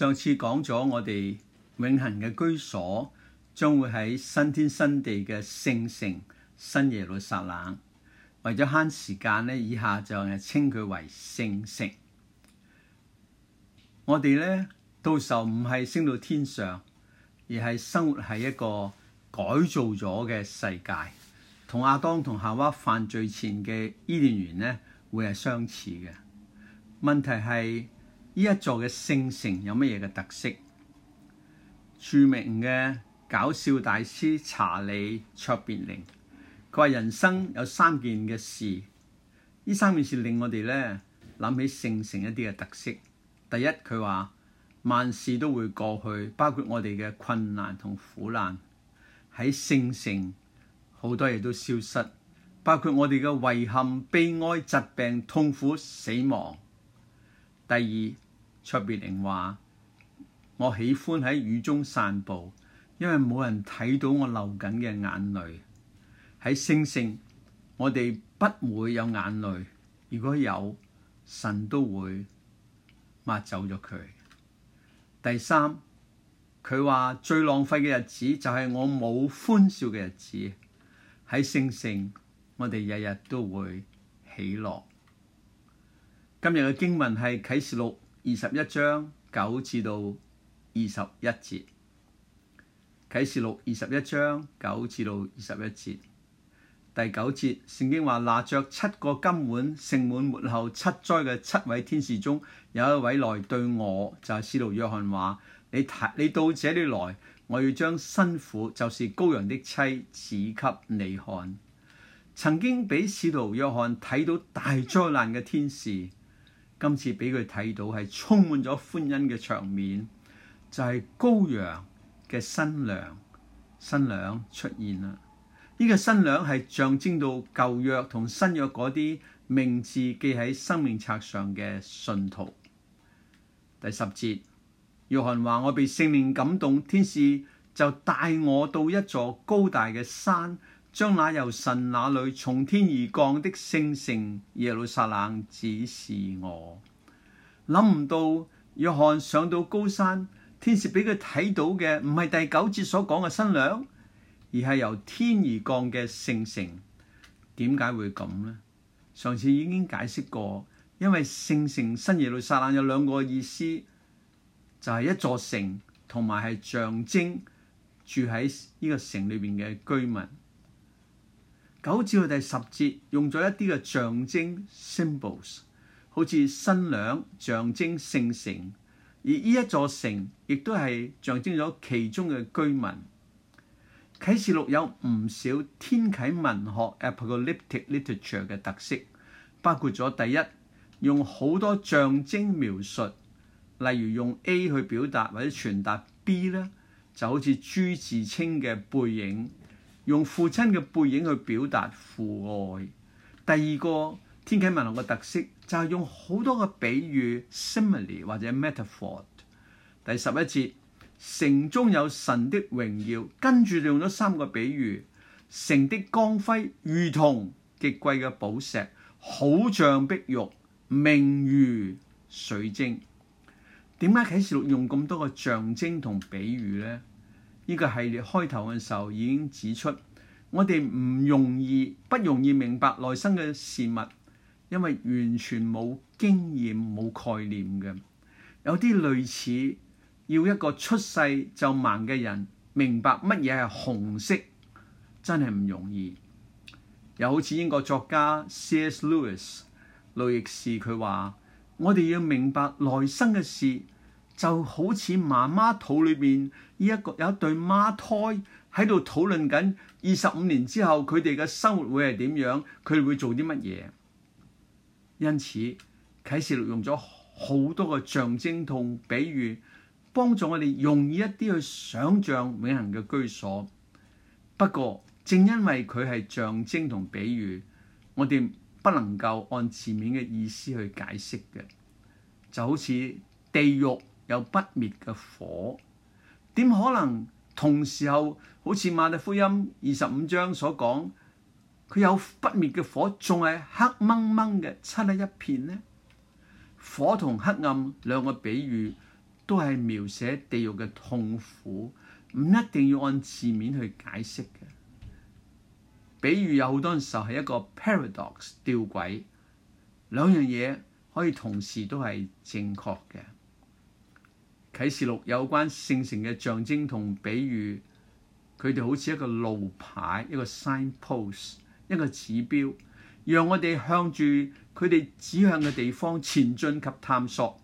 上次講咗，我哋永恆嘅居所將會喺新天新地嘅聖城新耶路撒冷。為咗慳時間呢，以下就係稱佢為聖城。我哋呢，到時候唔係升到天上，而係生活喺一個改造咗嘅世界，同亞當同夏娃犯罪前嘅伊甸園呢，會係相似嘅。問題係，呢一座嘅聖城有乜嘢嘅特色？著名嘅搞笑大師查理卓別靈，佢話人生有三件嘅事，呢三件事令我哋咧諗起聖城一啲嘅特色。第一，佢話萬事都會過去，包括我哋嘅困難同苦難。喺聖城好多嘢都消失，包括我哋嘅遺憾、悲哀、疾病、痛苦、死亡。第二，卓別林話：我喜歡喺雨中散步，因為冇人睇到我流緊嘅眼淚。喺星星，我哋不會有眼淚，如果有，神都會抹走咗佢。第三，佢話最浪費嘅日子就係我冇歡笑嘅日子。喺星星，我哋日日都會喜樂。今日嘅經文係啟示錄二十一章九至到二十一節。啟示錄二十一章九至到二十一節，第九節聖經話：拿着七個金碗盛滿末後七災嘅七位天使中，有一位來對我就係使徒約翰話：你睇你到這裏來，我要將新婦就是羔羊的妻指給你看。曾經俾使徒約翰睇到大災難嘅天使。今次俾佢睇到係充滿咗歡欣嘅場面，就係羔羊嘅新娘新娘出現啦！呢個新娘係象徵到舊約同新約嗰啲名字記喺生命冊上嘅信徒。第十節，約翰話：我被聖靈感動，天使就帶我到一座高大嘅山。將那由神那裏從天而降的聖城耶路撒冷指示我，諗唔到約翰上到高山，天使俾佢睇到嘅唔係第九節所講嘅新娘，而係由天而降嘅聖城。點解會咁呢？上次已經解釋過，因為聖城新耶路撒冷有兩個意思，就係、是、一座城，同埋係象徵住喺呢個城裏邊嘅居民。九至嘅第十節用咗一啲嘅象徵 symbols，好似新娘象徵聖城，而呢一座城亦都係象徵咗其中嘅居民。啟示錄有唔少天啟文學 Apocalyptic Literature 嘅特色，包括咗第一，用好多象徵描述，例如用 A 去表達或者傳達 B 呢，就好似朱自清嘅背影。用父親嘅背影去表達父愛。第二個天啟文學嘅特色就係、是、用好多嘅比喻 （simile） 或者 metaphor。第十一節，城中有神的榮耀，跟住就用咗三個比喻：城的光輝如同極貴嘅寶石，好像碧玉，明如水晶。點解啟示錄用咁多嘅象徵同比喻呢？呢個系列開頭嘅時候已經指出，我哋唔容易、不容易明白內心嘅事物，因為完全冇經驗、冇概念嘅。有啲類似要一個出世就盲嘅人明白乜嘢係紅色，真係唔容易。又好似英國作家 C.S. Lewis（ 路易士）佢話：「我哋要明白內心嘅事。」就好似媽媽肚裏面呢一個有一對孖胎喺度討論緊，二十五年之後佢哋嘅生活會係點樣？佢哋會做啲乜嘢？因此啟示錄用咗好多個象徵同比喻，幫助我哋容易一啲去想像永恆嘅居所。不過正因為佢係象徵同比喻，我哋不能夠按字面嘅意思去解釋嘅，就好似地獄。有不滅嘅火，點可能同時候好似《馬太福音》二十五章所講，佢有不滅嘅火，仲係黑掹掹嘅漆黑一片呢？火同黑暗兩個比喻都係描寫地獄嘅痛苦，唔一定要按字面去解釋嘅。比喻有好多時候係一個 paradox 吊詭，兩樣嘢可以同時都係正確嘅。啟示錄有關聖城嘅象徵同比喻，佢哋好似一個路牌、一個 signpost、一個指標，讓我哋向住佢哋指向嘅地方前進及探索，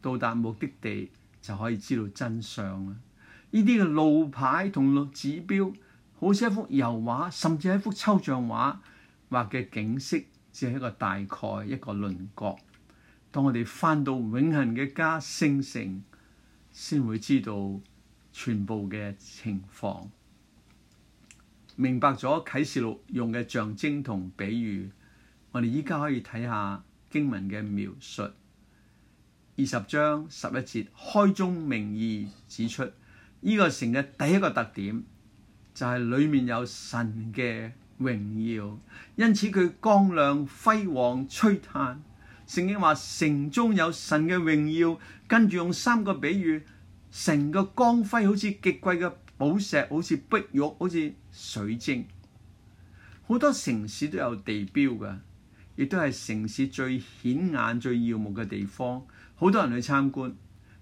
到達目的地就可以知道真相啦。呢啲嘅路牌同路指標好似一幅油畫，甚至係一幅抽象畫畫嘅景色，只係一個大概一個輪廓。當我哋返到永恆嘅家聖城，先會知道全部嘅情況，明白咗啟示錄用嘅象徵同比喻，我哋依家可以睇下經文嘅描述。二十章十一節開宗明義指出，呢、這個城嘅第一個特點就係、是、裡面有神嘅榮耀，因此佢光亮輝煌璀璨。聖經話城中有神嘅榮耀，跟住用三個比喻，成個光輝好似極貴嘅寶石，好似碧玉，好似水晶。好多城市都有地標㗎，亦都係城市最顯眼、最耀目嘅地方。好多人去參觀，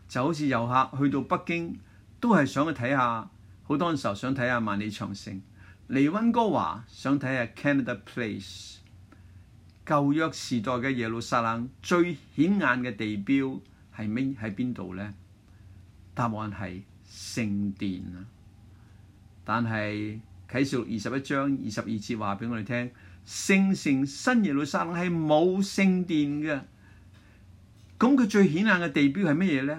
就好似遊客去到北京都係想去睇下，好多時候想睇下萬里長城。嚟溫哥華想睇下 Canada Place。舊約時代嘅耶路撒冷最顯眼嘅地標係咩？喺邊度咧？答案係聖殿啊！但係啟示錄二十一章二十二節話俾我哋聽，聖城新耶路撒冷係冇聖殿嘅。咁佢最顯眼嘅地標係乜嘢咧？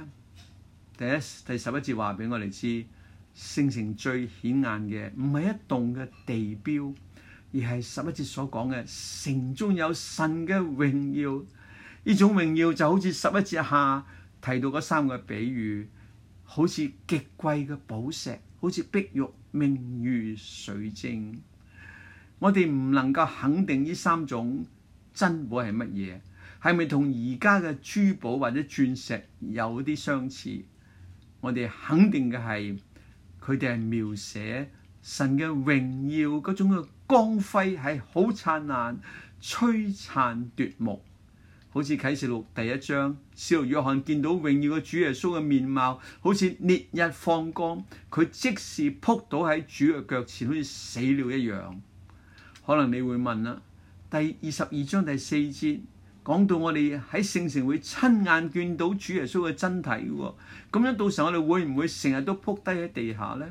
第一第十一節話俾我哋知，聖城最顯眼嘅唔係一棟嘅地標。而係十一節所講嘅城中有神嘅榮耀，呢種榮耀就好似十一節下提到嗰三個比喻，好似極貴嘅寶石，好似碧玉、明如水晶。我哋唔能夠肯定呢三種珍寶係乜嘢，係咪同而家嘅珠寶或者鑽石有啲相似？我哋肯定嘅係佢哋係描寫神嘅榮耀嗰種嘅。光輝係好燦爛、璀璨奪目，好似啟示錄第一章，使徒約翰見到榮耀嘅主耶穌嘅面貌，好似烈日放光。佢即時撲倒喺主嘅腳前，好似死了一樣。可能你會問啦，第二十二章第四節講到我哋喺聖城會親眼見到主耶穌嘅真體，咁樣到時候我哋會唔會成日都撲低喺地下呢？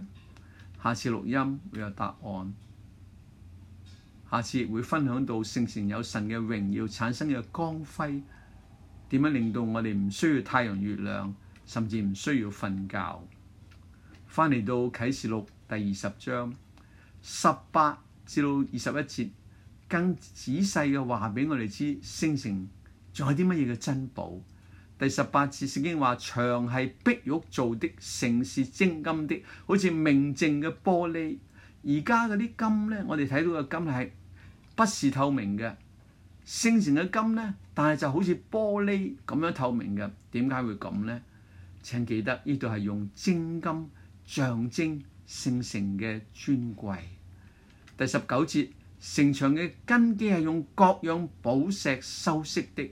下次錄音會有答案。下次亦會分享到聖城有神嘅榮耀產生嘅光輝，點樣令到我哋唔需要太陽月亮，甚至唔需要瞓覺。翻嚟到啟示錄第二十章十八至到二十一節，更仔細嘅話俾我哋知，聖城仲有啲乜嘢嘅珍寶。第十八節聖經話牆係碧玉做的，城是精金的，好似明淨嘅玻璃。而家嗰啲金呢，我哋睇到嘅金係不是透明嘅。聖城嘅金呢，但係就好似玻璃咁樣透明嘅。點解會咁呢？請記得呢度係用精金象徵聖城嘅尊貴。第十九節，城牆嘅根基係用各樣寶石修飾的，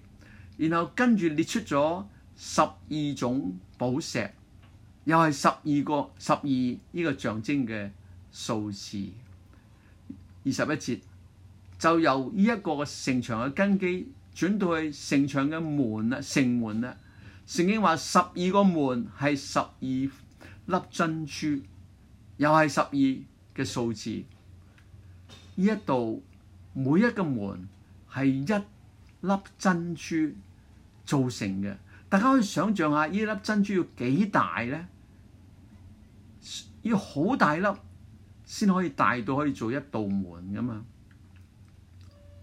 然後跟住列出咗十二種寶石，又係十二個十二呢個象徵嘅。數字二十一節就由呢一個城牆嘅根基轉到去城牆嘅門啦，城門啦。聖經話十二個門係十二粒珍珠，又係十二嘅數字。呢一度每一個門係一粒珍珠造成嘅，大家可以想象一下呢粒珍珠要幾大咧？要好大粒。先可以大到可以做一道門㗎嘛。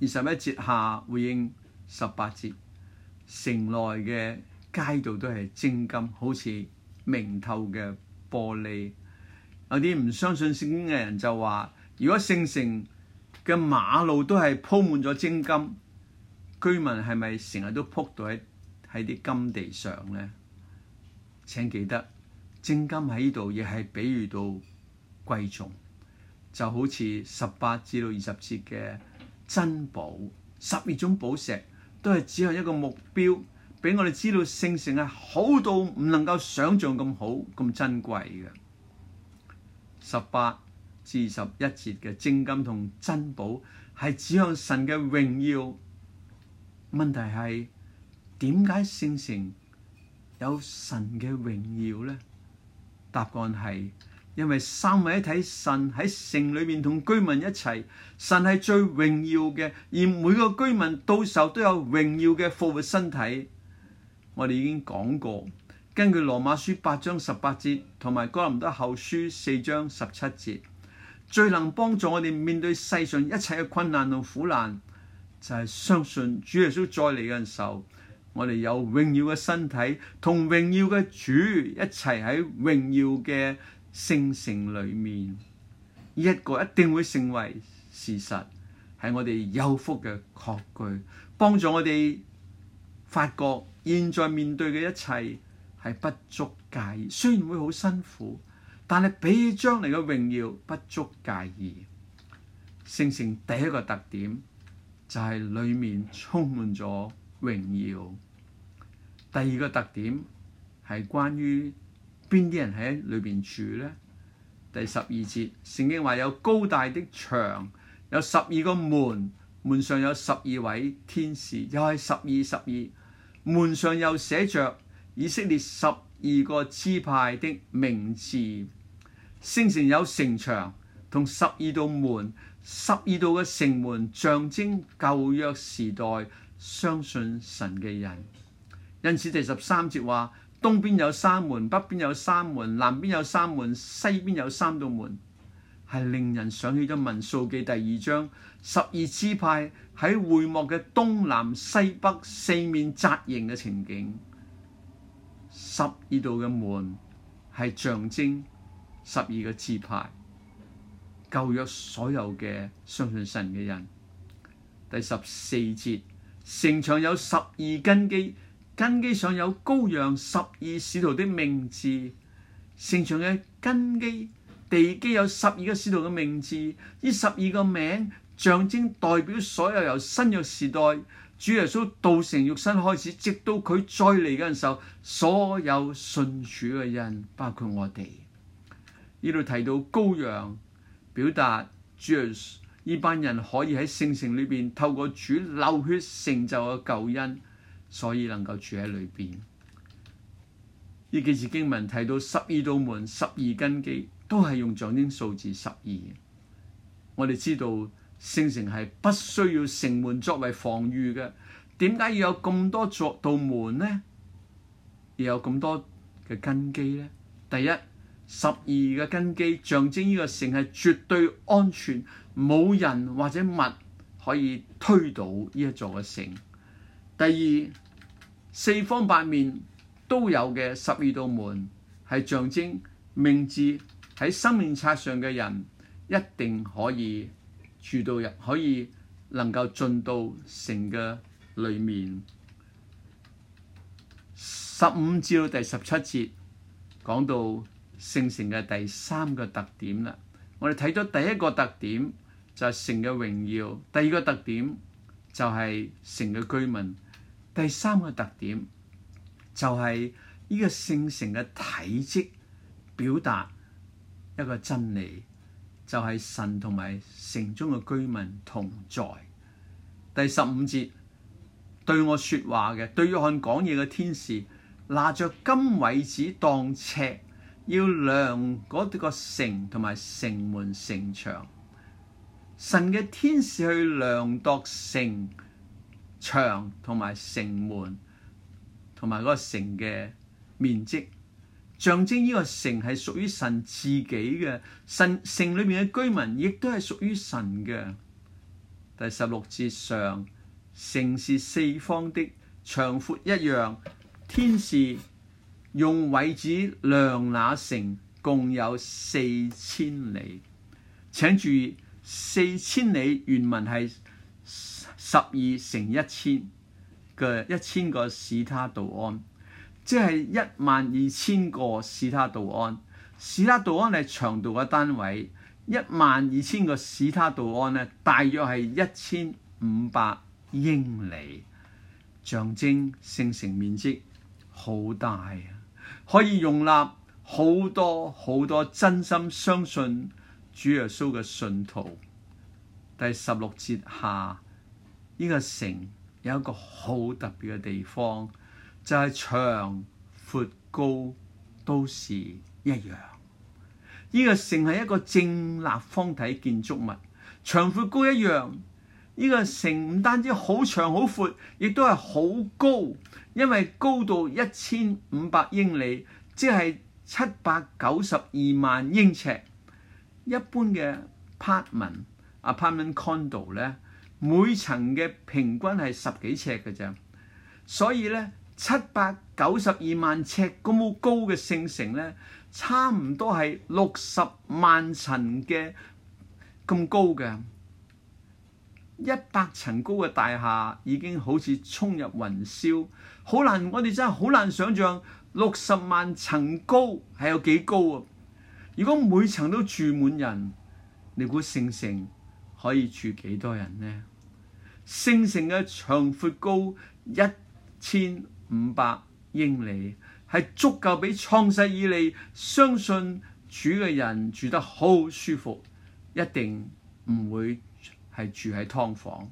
二十一節下回應十八節，城內嘅街道都係精金，好似明透嘅玻璃。有啲唔相信聖經嘅人就話：如果聖城嘅馬路都係鋪滿咗精金，居民係咪成日都撲到喺喺啲金地上咧？請記得，精金喺呢度亦係比喻到貴重。就好似十八至到二十節嘅珍寶，十二種寶石都係指向一個目標，俾我哋知道聖城係好到唔能夠想像咁好、咁珍貴嘅。十八至二十一節嘅精金同珍寶係指向神嘅榮耀。問題係點解聖城有神嘅榮耀呢？答案係。因為三位一體神喺城裏面同居民一齊，神係最榮耀嘅，而每個居民到時候都有榮耀嘅復活身體。我哋已經講過，根據羅馬書八章十八節同埋哥林多後書四章十七節，最能幫助我哋面對世上一切嘅困難同苦難，就係、是、相信主耶穌再嚟嘅時候，我哋有榮耀嘅身體，同榮耀嘅主一齊喺榮耀嘅聖城裏面一個一定會成為事實，係我哋有福嘅確據，幫助我哋發覺現在面對嘅一切係不足介意。雖然會好辛苦，但係比起將來嘅榮耀不足介意。聖城第一個特點就係、是、裏面充滿咗榮耀，第二個特點係關於。邊啲人喺裏邊住呢？第十二節，聖經話有高大的牆，有十二個門，門上有十二位天使，又係十二十二。門上又寫着以色列十二個支派的名字。聖城有城牆同十二道門，十二道嘅城門象徵舊約時代相信神嘅人。因此第十三節話。東邊有三門，北邊有三門，南邊有三門，西邊有三道門，係令人想起咗《民數記》第二章十二支派喺會幕嘅東南西北四面紮營嘅情景。十二道嘅門係象徵十二個支派，舊約所有嘅相信神嘅人。第十四節，城牆有十二根基。根基上有羔羊十二使徒的名字，城牆嘅根基地基有十二個使徒嘅名字，呢十二個名象徵代表所有由新約時代主耶穌道成肉身開始，直到佢再嚟嘅時候，所有信主嘅人，包括我哋呢度提到羔羊，表達主耶穌呢班人可以喺聖城裏邊透過主流血成就嘅救恩。所以能夠住喺裏邊，呢幾字經文提到十二道門、十二根基，都係用象徵數字十二。我哋知道聖城係不需要城門作為防禦嘅，點解要有咁多座道門呢？要有咁多嘅根基呢？第一，十二嘅根基象徵呢個城係絕對安全，冇人或者物可以推倒呢一座嘅城。第二，四方八面都有嘅十二道門，係象徵名字喺生命冊上嘅人一定可以住到入，可以能夠進到城嘅裏面。十五至到第十七節講到聖城嘅第三個特點啦。我哋睇咗第一個特點就係城嘅榮耀，第二個特點就係城嘅居民。第三個特點就係、是、呢個聖城嘅體積表達一個真理，就係、是、神同埋城中嘅居民同在。第十五節，對我説話嘅對約翰講嘢嘅天使，拿着金葦子當尺，要量嗰個城同埋城門城牆。神嘅天使去量度城、牆同埋城門同埋嗰個城嘅面積，象徵呢個城係屬於神自己嘅。神城裏面嘅居民亦都係屬於神嘅。第十六節上，城是四方的，長闊一樣。天使用位子量那城，共有四千里。請注意，四千里原文係。十二乘一千嘅一千個史他道安，即係一萬二千個史他道安。史他道安係長度嘅單位，一萬二千個史他道安呢，大約係一千五百英里，象徵聖城面積好大啊，可以容納好多好多真心相信主耶穌嘅信徒。第十六節下。呢個城有一個好特別嘅地方，就係、是、長、闊、高都是一樣。呢、這個城係一個正立方體建築物，長、闊、高一樣。呢、這個城唔單止好長好闊，亦都係好高，因為高度一千五百英里，即係七百九十二萬英尺。一般嘅 apartment, apartment condo 咧。每層嘅平均係十幾尺嘅咋，所以呢，七百九十二萬尺咁高嘅聖城呢，差唔多係六十萬層嘅咁高嘅。一百層高嘅大廈已經好似衝入雲霄，好難！我哋真係好難想象六十萬層高係有幾高啊！如果每層都住滿人，你估聖城可以住幾多人呢？聖城嘅長闊高一千五百英里，係足夠俾創世以嚟，相信主嘅人住得好舒服，一定唔會係住喺劏房。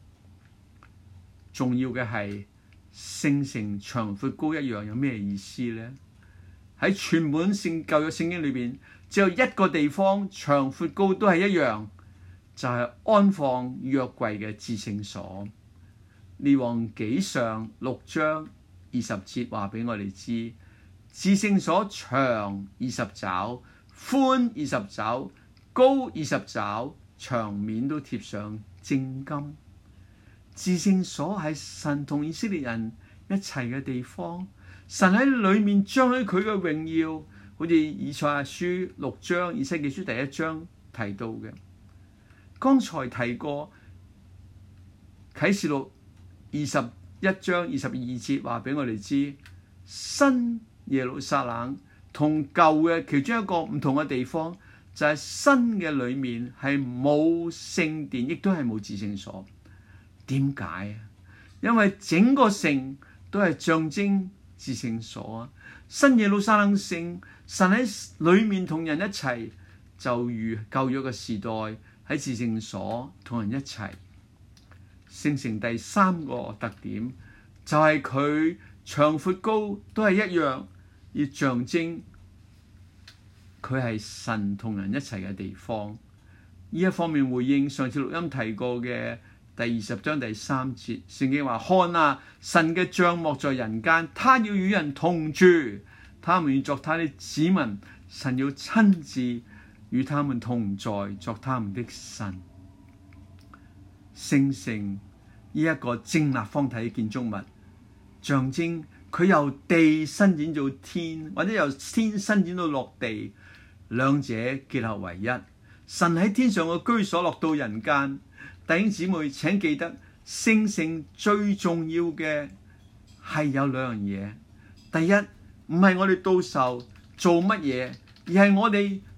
重要嘅係聖城長闊高一樣有咩意思呢？喺全本新舊約聖經裏邊，只有一個地方長闊高都係一樣，就係安放約櫃嘅至聖所。列王紀上六章二十節話俾我哋知，至聖所長二十肘，寬二十肘，高二十肘，牆面都貼上正金。至聖所係神同以色列人一齊嘅地方，神喺裏面將喺佢嘅榮耀，好似以賽亞書六章、以西結書第一章提到嘅。剛才提過啟示錄二十一章二十二節話俾我哋知，新耶路撒冷同舊嘅其中一個唔同嘅地方就係、是、新嘅裏面係冇聖殿，亦都係冇至聖所。點解啊？因為整個城都係象徵至聖所啊。新耶路撒冷聖神喺裏面同人一齊，就如舊約嘅時代。喺至聖所同人一齊，聖城第三個特點就係佢長闊高都係一樣，要象徵佢係神同人一齊嘅地方。呢一方面回應上次錄音提過嘅第二十章第三節，聖經話：看啊，神嘅帳幕在人間，他要與人同住，他們要作他的子民，神要親自。與他們同在，作他們的神。聖城呢一個正立方體建築物，象徵佢由地伸展到天，或者由天伸展到落地，兩者結合為一。神喺天上嘅居所落到人間。弟兄姊妹請記得，聖城最重要嘅係有兩樣嘢：第一，唔係我哋到時候做乜嘢，而係我哋。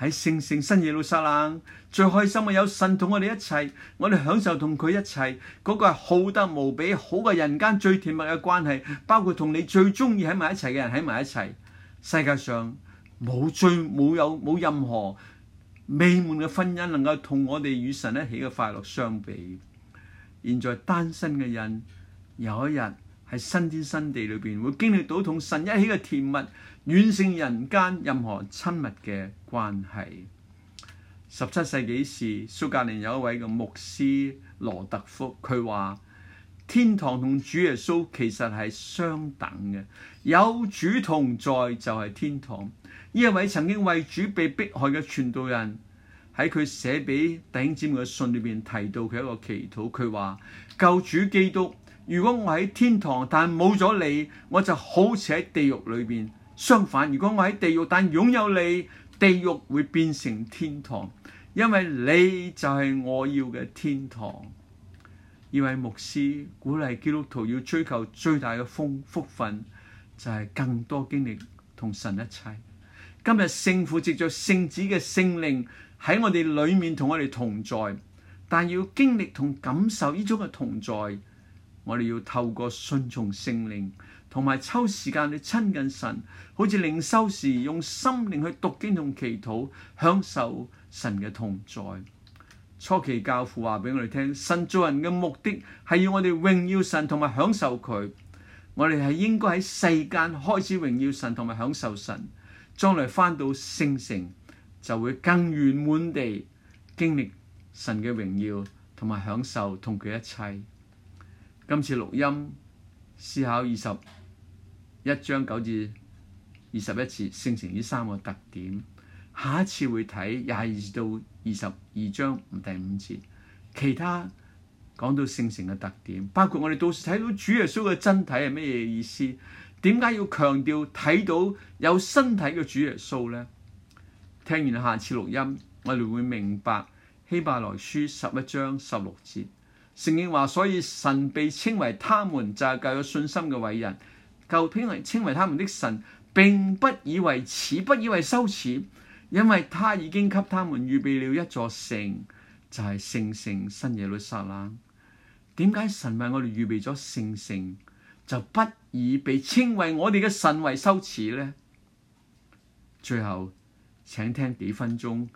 喺聖聖新耶路撒冷最開心嘅有神同我哋一齊，我哋享受同佢一齊，嗰、那個係好得無比，好過人間最甜蜜嘅關係，包括同你最中意喺埋一齊嘅人喺埋一齊。世界上冇最冇有冇任何美滿嘅婚姻能夠同我哋與神一起嘅快樂相比。現在單身嘅人有一日喺新天新地裏邊會經歷到同神一起嘅甜蜜。遠勝人間任何親密嘅關係。十七世紀時，蘇格蘭有一位叫牧師羅特福，佢話天堂同主耶穌其實係相等嘅。有主同在就係天堂。呢一位曾經為主被迫害嘅傳道人喺佢寫俾弟兄姊妹嘅信裏邊提到佢一個祈禱，佢話：救主基督，如果我喺天堂，但冇咗你，我就好似喺地獄裏邊。相反，如果我喺地獄，但擁有你，地獄會變成天堂，因為你就係我要嘅天堂。呢位牧師鼓勵基督徒要追求最大嘅豐福分，就係、是、更多經歷同神一齊。今日聖父藉着聖子嘅聖靈喺我哋裏面同我哋同在，但要經歷同感受呢種嘅同在，我哋要透過順從聖靈。同埋抽時間去親近神，好似靈修時用心靈去讀經同祈禱，享受神嘅同在。初期教父話俾我哋聽，神造人嘅目的係要我哋榮耀神同埋享受佢。我哋係應該喺世間開始榮耀神同埋享受神，將來返到聖城就會更圓滿地經歷神嘅榮耀同埋享受同佢一切。今次錄音思考二十一章九至二十一節，聖城呢三個特點。下一次會睇廿二到二十二章唔，第五節，其他講到聖城嘅特點，包括我哋到時睇到主耶穌嘅真體係咩嘢意思？點解要強調睇到有身體嘅主耶穌呢？聽完下次錄音，我哋會明白希伯來書十一章十六節，聖經話：所以神被稱為他們就係具有信心嘅偉人。舊天為稱為他們的神，並不以為恥，不以為羞恥，因為他已經給他們預備了一座城，就係、是、聖城新耶路撒冷。點解神為我哋預備咗聖城，就不以被稱為我哋嘅神為羞恥呢？最後，請聽幾分鐘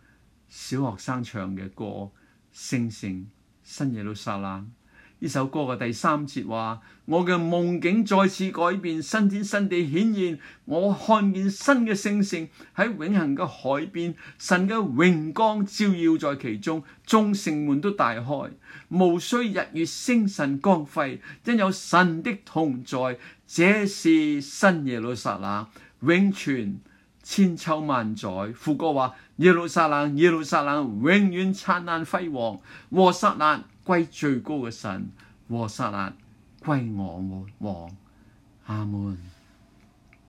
小學生唱嘅歌《聖城新耶路撒冷》。呢首歌嘅第三節話：我嘅夢境再次改變，新天新地顯現。我看見新嘅星星喺永恆嘅海邊，神嘅榮光照耀在其中，眾城門都大開，無需日月星辰光輝，因有神的同在。這是新耶路撒冷，永存千秋萬載。副歌話：耶路撒冷，耶路撒冷，永遠燦爛輝煌，耶路撒冷。歸最高嘅神，和撒辣，歸我們王，阿門。